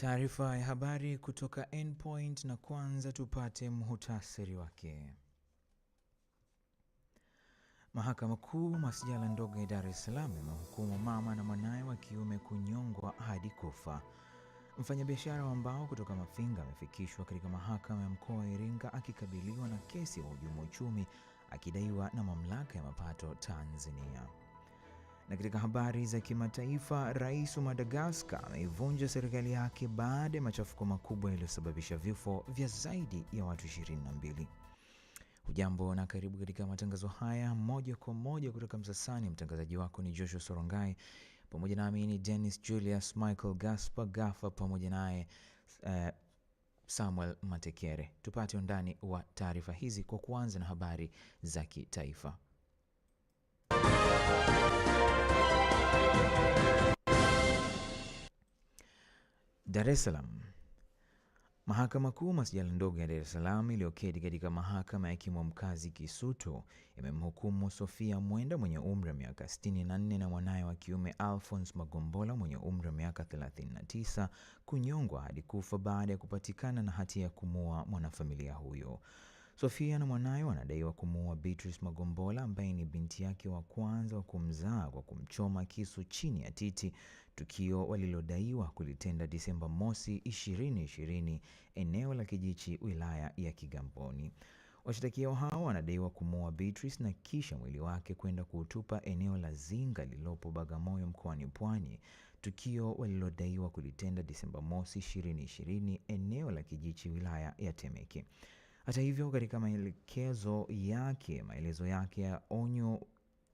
Taarifa ya habari kutoka Endpoint, na kwanza tupate muhtasari wake. Mahakama Kuu masjala ndogo ya Dar es Salaam imehukumu mama na mwanaye wa kiume kunyongwa hadi kufa. Mfanyabiashara wa mbao kutoka Mafinga amefikishwa katika mahakama ya mkoa wa Iringa akikabiliwa na kesi ya uhujumu uchumi akidaiwa na mamlaka ya mapato Tanzania. Na katika habari za kimataifa, rais wa Madagaskar ameivunja serikali yake baada ya machafuko makubwa yaliyosababisha vifo vya zaidi ya watu 22. Hujambo na karibu katika matangazo haya moja kwa moja kutoka Msasani. Mtangazaji wako ni Joshua Sorongai, pamoja nami ni Dennis Julius Michael Gaspar Gafa, pamoja naye uh, Samuel Matekere. Tupate undani wa taarifa hizi kwa kuanza na habari za kitaifa. Dar es Salaam. Mahakama Kuu masijala ndogo ya Dar es Salaam iliyoketi katika mahakama ya hakimu mkazi Kisutu imemhukumu Sofia Mwenda mwenye umri wa miaka 64 na mwanaye wa kiume Alphons Magombola mwenye umri wa miaka 39 kunyongwa hadi kufa baada ya kupatikana na hatia ya kumuua mwanafamilia huyo. Sofia na mwanaye wanadaiwa kumuua Beatrice Magombola ambaye ni binti yake wa kwanza wa kumzaa kwa kumchoma kisu chini ya titi, tukio walilodaiwa kulitenda Disemba mosi 2020 eneo la Kijichi, wilaya ya Kigamboni. Washtakiwa hao wanadaiwa kumuua Beatrice na kisha mwili wake kwenda kuutupa eneo la Zinga lililopo Bagamoyo mkoani Pwani, tukio walilodaiwa kulitenda Disemba mosi 2020 eneo la Kijichi, wilaya ya Temeke. Hata hivyo, katika maelekezo yake maelezo yake ya onyo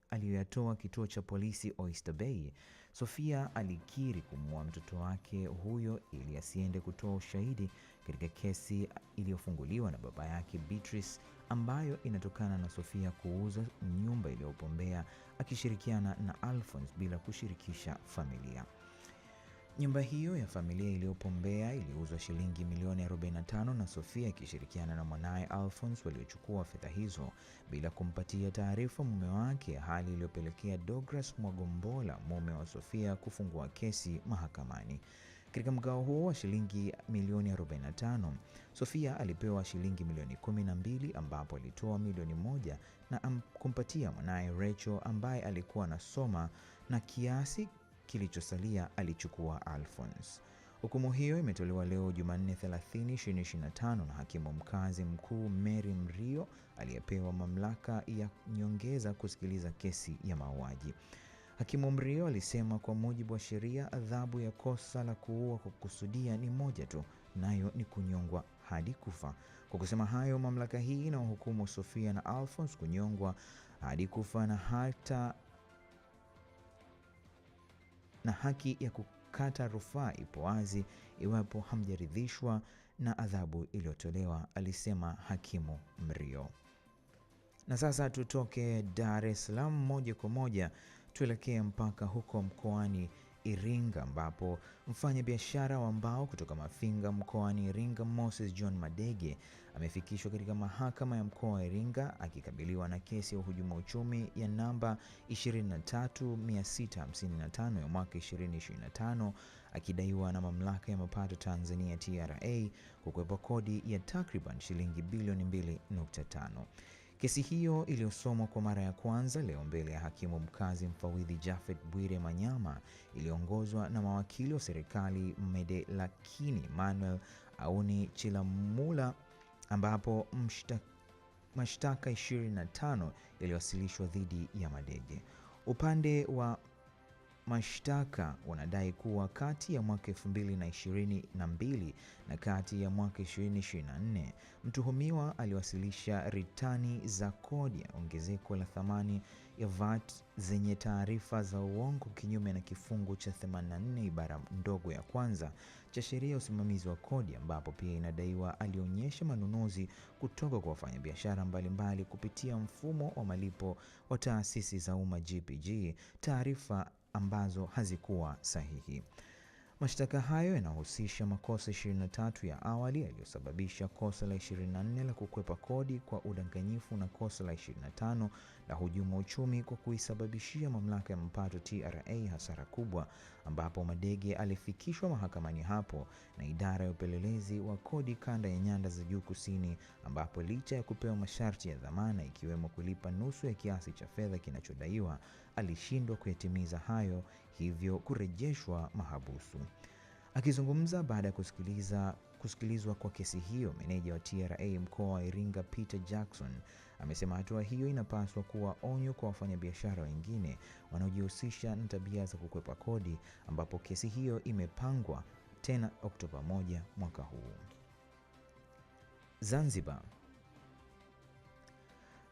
aliyoyatoa kituo cha polisi Oyster Bay Sofia alikiri kumuua mtoto wake huyo ili asiende kutoa ushahidi katika kesi iliyofunguliwa na baba yake Beatrice ambayo inatokana na Sofia kuuza nyumba iliyopombea akishirikiana na Alphonse bila kushirikisha familia. Nyumba hiyo ya familia iliyopo Mbeya iliuzwa shilingi milioni 45 na Sofia akishirikiana na mwanaye Alphonse waliochukua fedha hizo bila kumpatia taarifa mume wake, hali iliyopelekea Douglas Mwagombola mume wa Sofia kufungua kesi mahakamani. Katika mgao huo wa shilingi milioni 45, Sofia alipewa shilingi milioni 12 ambapo alitoa milioni moja na kumpatia mwanaye Rachel ambaye alikuwa anasoma na kiasi kilichosalia alichukua Alfons. Hukumu hiyo imetolewa leo Jumanne 30, 2025 na hakimu mkazi mkuu Mary Mrio aliyepewa mamlaka ya nyongeza kusikiliza kesi ya mauaji. Hakimu Mrio alisema kwa mujibu wa sheria, adhabu ya kosa la kuua kwa kukusudia ni moja tu, nayo ni kunyongwa hadi kufa. Kwa kusema hayo, mamlaka hii inawahukumu Sofia na Alfons kunyongwa hadi kufa na hata na haki ya kukata rufaa ipo wazi iwapo hamjaridhishwa na adhabu iliyotolewa, alisema hakimu Mrio. Na sasa tutoke Dar es Salaam moja kwa moja tuelekee mpaka huko mkoani Iringa, ambapo mfanyabiashara wa mbao kutoka Mafinga mkoani Iringa Moses John Madege amefikishwa katika mahakama ya mkoa wa Iringa akikabiliwa na kesi ya uhujumu uchumi ya namba 23655 ya mwaka 2025 akidaiwa na mamlaka ya mapato Tanzania TRA kukwepa kodi ya takriban shilingi bilioni 2.5. Kesi hiyo iliyosomwa kwa mara ya kwanza leo mbele ya hakimu mkazi mfawidhi Japhet Bwire Manyama iliongozwa na mawakili wa serikali medelakini Manuel Auni Chilamula ambapo mashtaka 25 yaliwasilishwa dhidi ya Madege. Upande wa mashtaka wanadai kuwa kati ya mwaka 2022 na kati ya mwaka 2024 mtuhumiwa aliwasilisha ritani za kodi ya ongezeko la thamani ya VAT zenye taarifa za uongo kinyume na kifungu cha 84 ibara ndogo ya kwanza cha sheria ya usimamizi wa kodi, ambapo pia inadaiwa alionyesha manunuzi kutoka kwa wafanyabiashara mbalimbali kupitia mfumo wa malipo wa taasisi za umma GPG, taarifa ambazo hazikuwa sahihi. Mashtaka hayo yanahusisha makosa 23 ya awali yaliyosababisha kosa la 24 la kukwepa kodi kwa udanganyifu na kosa la 25 la hujuma uchumi kwa kuisababishia mamlaka ya mapato TRA hasara kubwa, ambapo Madege alifikishwa mahakamani hapo na idara ya upelelezi wa kodi kanda ya Nyanda za Juu Kusini, ambapo licha ya kupewa masharti ya dhamana ikiwemo kulipa nusu ya kiasi cha fedha kinachodaiwa, alishindwa kuyatimiza hayo hivyo kurejeshwa mahabusu. Akizungumza baada ya kusikiliza kusikilizwa kwa kesi hiyo, meneja wa TRA mkoa wa Iringa Peter Jackson amesema hatua hiyo inapaswa kuwa onyo kwa wafanyabiashara wengine wanaojihusisha na tabia za kukwepa kodi, ambapo kesi hiyo imepangwa tena Oktoba 1 mwaka huu. Zanzibar.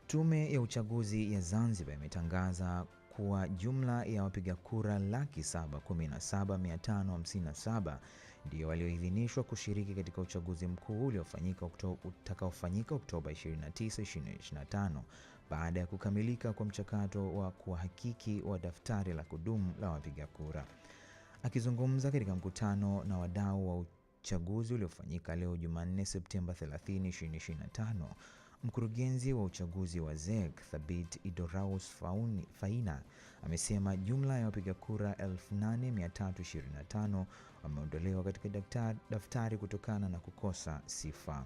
Tume ya uchaguzi ya Zanzibar imetangaza kuwa jumla ya wapiga kura laki saba kumi na saba mia tano hamsini na saba ndio walioidhinishwa kushiriki katika uchaguzi mkuu uliofanyika utakaofanyika Oktoba 29, 2025 baada ya kukamilika kwa mchakato wa kuhakiki wa daftari la kudumu la wapiga kura. Akizungumza katika mkutano na wadau wa uchaguzi uliofanyika leo Jumanne Septemba 30, 2025 Mkurugenzi wa uchaguzi wa ZEC Thabit Idoraus Faina amesema jumla ya wapiga kura 8325 wameondolewa katika daftari kutokana na kukosa sifa.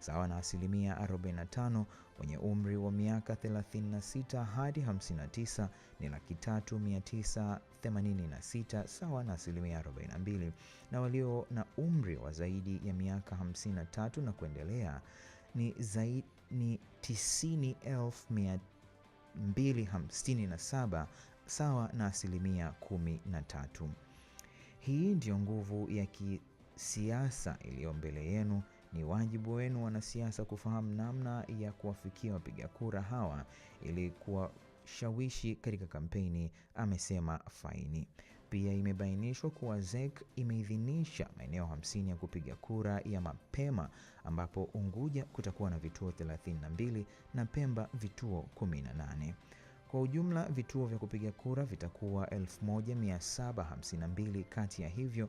sawa na asilimia 45 wenye umri wa miaka 36 hadi 59 ni laki 3986 986 sawa na asilimia 42, na walio na umri wa zaidi ya miaka 53 na kuendelea ni zaidi ni 90,257 sawa na asilimia 13. Hii ndiyo nguvu ya kisiasa iliyo mbele yenu ni wajibu wenu wanasiasa kufahamu namna ya kuwafikia wapiga kura hawa ili kuwashawishi katika kampeni, amesema Faini. Pia imebainishwa kuwa ZEC imeidhinisha maeneo 50 ya kupiga kura ya mapema ambapo Unguja kutakuwa na vituo 32 na Pemba vituo 18. Kwa ujumla vituo vya kupiga kura vitakuwa 1752 kati ya hivyo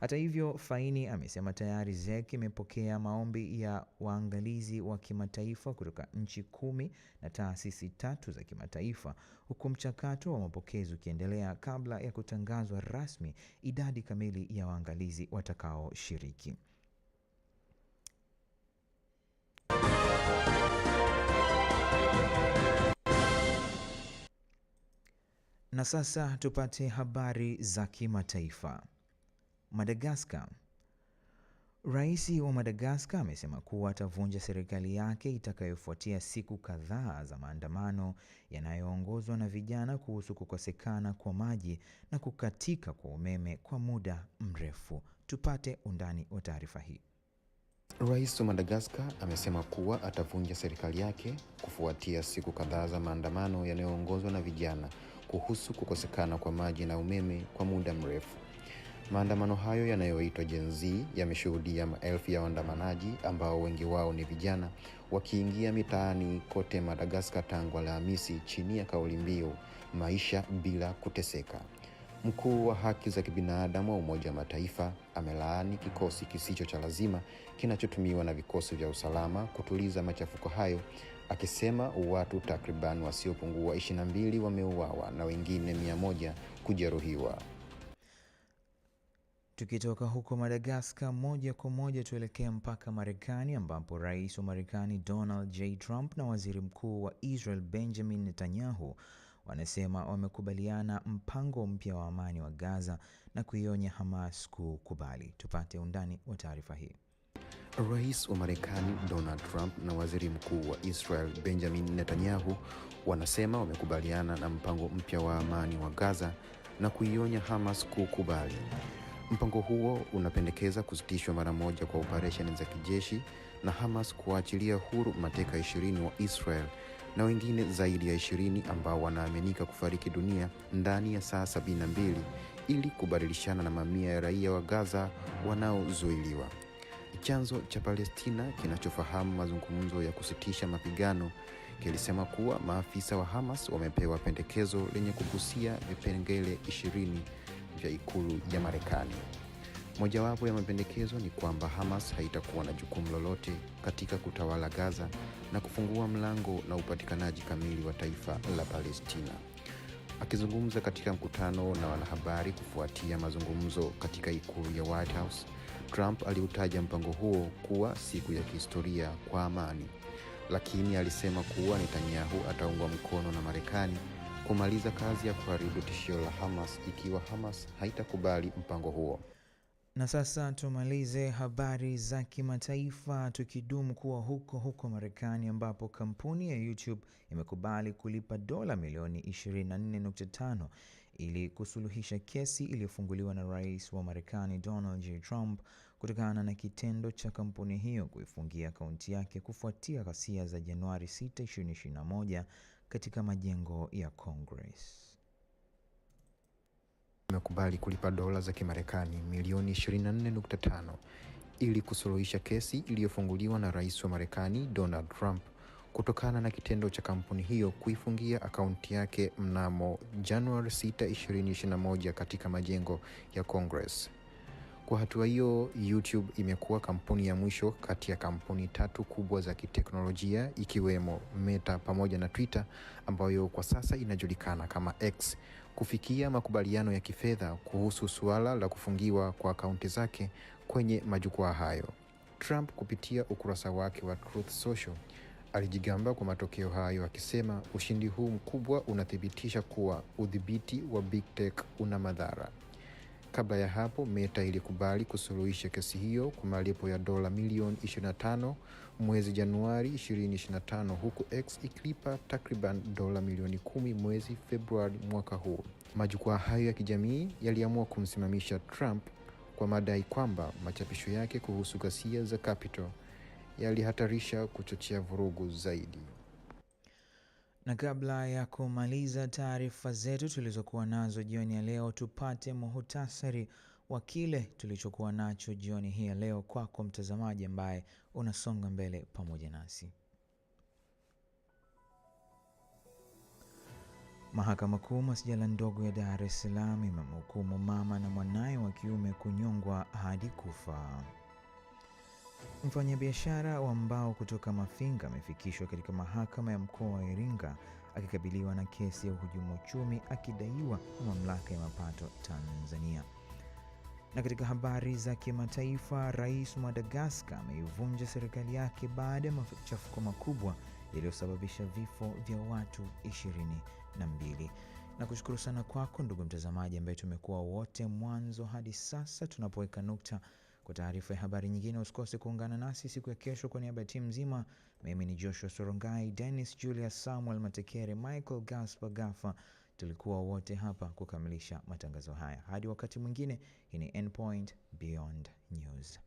Hata hivyo, Faini amesema tayari ZEC imepokea maombi ya waangalizi wa kimataifa kutoka nchi kumi na taasisi tatu za kimataifa huku mchakato wa mapokezi ukiendelea kabla ya kutangazwa rasmi idadi kamili ya waangalizi watakaoshiriki. Na sasa tupate habari za kimataifa. Madagascar. Rais wa Madagascar amesema kuwa atavunja serikali yake itakayofuatia siku kadhaa za maandamano yanayoongozwa na vijana kuhusu kukosekana kwa maji na kukatika kwa umeme kwa muda mrefu. Tupate undani wa taarifa hii. Rais wa Madagaskar amesema kuwa atavunja serikali yake kufuatia siku kadhaa za maandamano yanayoongozwa na vijana kuhusu kukosekana kwa maji na umeme kwa muda mrefu. Maandamano hayo yanayoitwa Gen Z yameshuhudia maelfu ya waandamanaji ambao wengi wao ni vijana wakiingia mitaani kote Madagaskar tangu Alhamisi chini ya kauli mbiu maisha bila kuteseka. Mkuu wa haki za kibinadamu wa Umoja wa Mataifa amelaani kikosi kisicho cha lazima kinachotumiwa na vikosi vya usalama kutuliza machafuko hayo, akisema watu takriban wasiopungua 22 mbili wameuawa na wengine mia moja kujeruhiwa. Tukitoka huko Madagaskar moja kwa moja tuelekee mpaka Marekani ambapo rais wa Marekani Donald J. Trump na waziri mkuu wa Israel Benjamin Netanyahu wanasema wamekubaliana mpango mpya wa amani wa Gaza na kuionya Hamas kukubali. Tupate undani wa taarifa hii. Rais wa Marekani Donald Trump na waziri mkuu wa Israel Benjamin Netanyahu wanasema wamekubaliana na mpango mpya wa amani wa Gaza na kuionya Hamas kukubali. Mpango huo unapendekeza kusitishwa mara moja kwa operesheni za kijeshi na Hamas kuwaachilia huru mateka ishirini wa Israel na wengine zaidi ya ishirini ambao wanaaminika kufariki dunia ndani ya saa 72 ili kubadilishana na mamia ya raia wa Gaza wanaozuiliwa. Chanzo cha Palestina kinachofahamu mazungumzo ya kusitisha mapigano kilisema kuwa maafisa wa Hamas wamepewa pendekezo lenye kugusia vipengele ishirini vya ikulu ya Marekani. Mojawapo ya mapendekezo ni kwamba Hamas haitakuwa na jukumu lolote katika kutawala Gaza na kufungua mlango na upatikanaji kamili wa taifa la Palestina. Akizungumza katika mkutano na wanahabari kufuatia mazungumzo katika ikulu ya White House, Trump aliutaja mpango huo kuwa siku ya kihistoria kwa amani, lakini alisema kuwa Netanyahu ataungwa mkono na Marekani kumaliza kazi ya kuharibu tishio la Hamas ikiwa Hamas haitakubali mpango huo. Na sasa tumalize habari za kimataifa tukidumu kuwa huko huko Marekani, ambapo kampuni ya YouTube imekubali kulipa dola milioni 24.5 ili kusuluhisha kesi iliyofunguliwa na rais wa Marekani Donald J. Trump kutokana na kitendo cha kampuni hiyo kuifungia akaunti yake kufuatia ghasia za Januari 6, 2021 katika majengo ya Congress. Imekubali kulipa dola za Kimarekani milioni 24.5 ili kusuluhisha kesi iliyofunguliwa na Rais wa Marekani Donald Trump kutokana na kitendo cha kampuni hiyo kuifungia akaunti yake mnamo Januari 6, 2021 katika majengo ya Congress. Kwa hatua hiyo, YouTube imekuwa kampuni ya mwisho kati ya kampuni tatu kubwa za kiteknolojia ikiwemo Meta pamoja na Twitter ambayo kwa sasa inajulikana kama X kufikia makubaliano ya kifedha kuhusu suala la kufungiwa kwa akaunti zake kwenye majukwaa hayo. Trump kupitia ukurasa wake wa Truth Social alijigamba kwa matokeo hayo akisema ushindi huu mkubwa unathibitisha kuwa udhibiti wa Big Tech una madhara. Kabla ya hapo, Meta ilikubali kusuluhisha kesi hiyo kwa malipo ya dola milioni 25 mwezi Januari 2025 huku X ikilipa takriban dola milioni kumi mwezi Februari mwaka huu. Majukwaa hayo ya kijamii yaliamua kumsimamisha Trump kwa madai kwamba machapisho yake kuhusu ghasia za Capitol yalihatarisha kuchochea vurugu zaidi. Na kabla ya kumaliza taarifa zetu tulizokuwa nazo jioni ya leo, tupate muhutasari wa kile tulichokuwa nacho jioni hii ya leo kwako mtazamaji ambaye unasonga mbele pamoja nasi. Mahakama Kuu masijala ndogo ya Dar es Salaam imemhukumu mama na mwanaye wa kiume kunyongwa hadi kufa. Mfanyabiashara wa mbao kutoka Mafinga amefikishwa katika mahakama ya mkoa wa Iringa akikabiliwa na kesi ya uhujumu uchumi akidaiwa na mamlaka ya mapato Tanzania. Na katika habari za kimataifa, rais wa Madagaskar ameivunja serikali yake baada ya machafuko makubwa yaliyosababisha vifo vya watu 22. Na kushukuru sana kwako ndugu mtazamaji, ambaye tumekuwa wote mwanzo hadi sasa tunapoweka nukta kwa taarifa ya habari nyingine, usikose kuungana nasi siku ya kesho. Kwa niaba ya timu nzima, mimi ni Joshua Sorongai, Dennis Julius, Samuel Matekere, Michael Gaspar Gafa, tulikuwa wote hapa kukamilisha matangazo haya. Hadi wakati mwingine, hii ni Endpoint Beyond News.